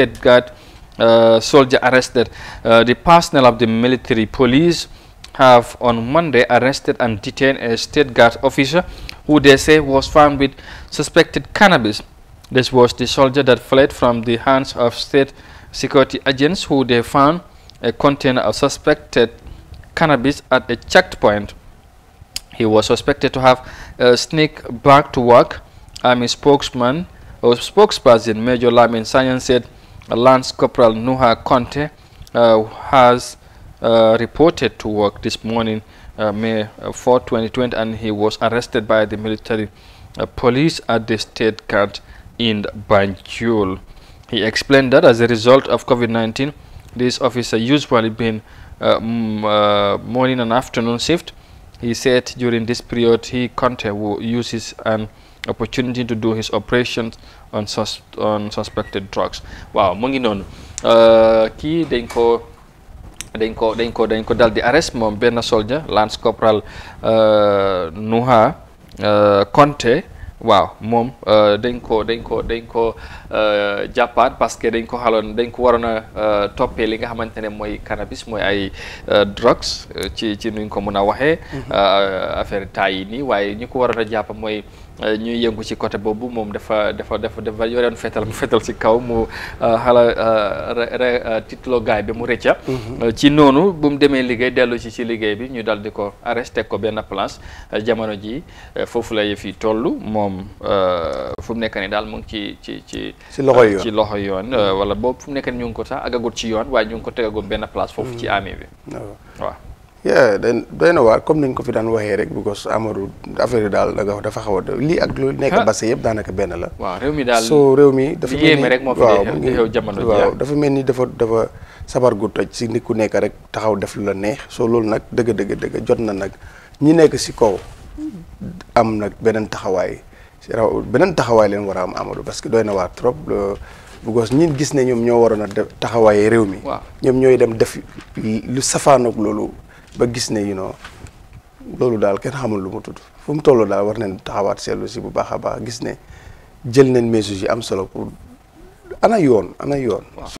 state guard uh, soldier arrested. Uh, the personnel of the military police have on Monday arrested and detained a state guard officer who they say was found with suspected cannabis. This was the soldier that fled from the hands of state security agents who they found a container of suspected cannabis at a checkpoint. He was suspected to have uh, sneaked back to work. Army spokesman or spokesperson Major Lamin Sanyan said uh, Lance Corporal Nuha Conte uh, has uh, reported to work this morning, uh, May uh, 4, 2020, and he was arrested by the military uh, police at the state guard in Banjul. He explained that as a result of COVID-19, this officer usually been morning and afternoon shift. He said during this period, he Conte uses an opportunity to do his operations on sus on suspected drugs waaw mu ngi noonu euh, kii dañ ko dañ ko dañ ko dañ ko dal di arrest moom benn soldier lance corporal euh, Nuha euh, Conte Wow, mom, eh, dañ eh, eh, ko dañ ko dañ ko jàppaat parce que dañ ko xaloon dañ ko waroon a toppee li nga xamante ne mooy cannabis mooy ay drugs ci ci nuñ ko mën a waxee mhm. affaire taay yi nii waaye ñu ko waroon a jàpp mooy ñuy yëngu ci côté boobu moom dafa dafa dafa dafa yoreen fetal mu fetal si kaw mu xala re titlo gaay mhm. bi mu rëcca ci noonu bu mu demee liggéey dellu ci ci liggéey bi ñu dal di ko arrêté ko benn place jamono ji foofu la yëf yi toll moom moom euh, fu mu nekk nii daal mu ngi ci ci ci. ci loxo euh, yoon ci loxo yoon euh, wala boobu fu mu nekk nii ñu ngi ko sax agagut ci yoon waaye ñu ngi ko tegagut benn place foofu ci hmm. armée bi. Ah waaw. yaa doy na waar comme niñ ko fi daan waxee rek because Amadou affaire yi daal dafa xaw lii ak lu nekk Basse yëpp daanaka benn la. waaw réew mi daal soo réew mi. dafa yéeme rek moo fi xew jamono ji waaw ah. dafa mel ni dafa dafa sabar gu toj si nit ku nekk rek taxaw def lu la neex soo loolu nag dëgg dëgg dëgg jot na nag ñi nekk si kaw hmm. am nag beneen taxawaay. raw beneen taxawaay leen war a am Amadou parce que doy na waa trop buggoos ñin gis ne ñoom ñoo waroon a def taxawaay réew mi. ñoom ñooy dem def lu safaanoog loolu ba gis ne yi know loolu daal kenn xamul lu mu tudd fu mu toll daal war neen taxawaat seetlu si bu baax a baax gis ne jël nañ mesures yi am solo pour ana yoon ana yoon.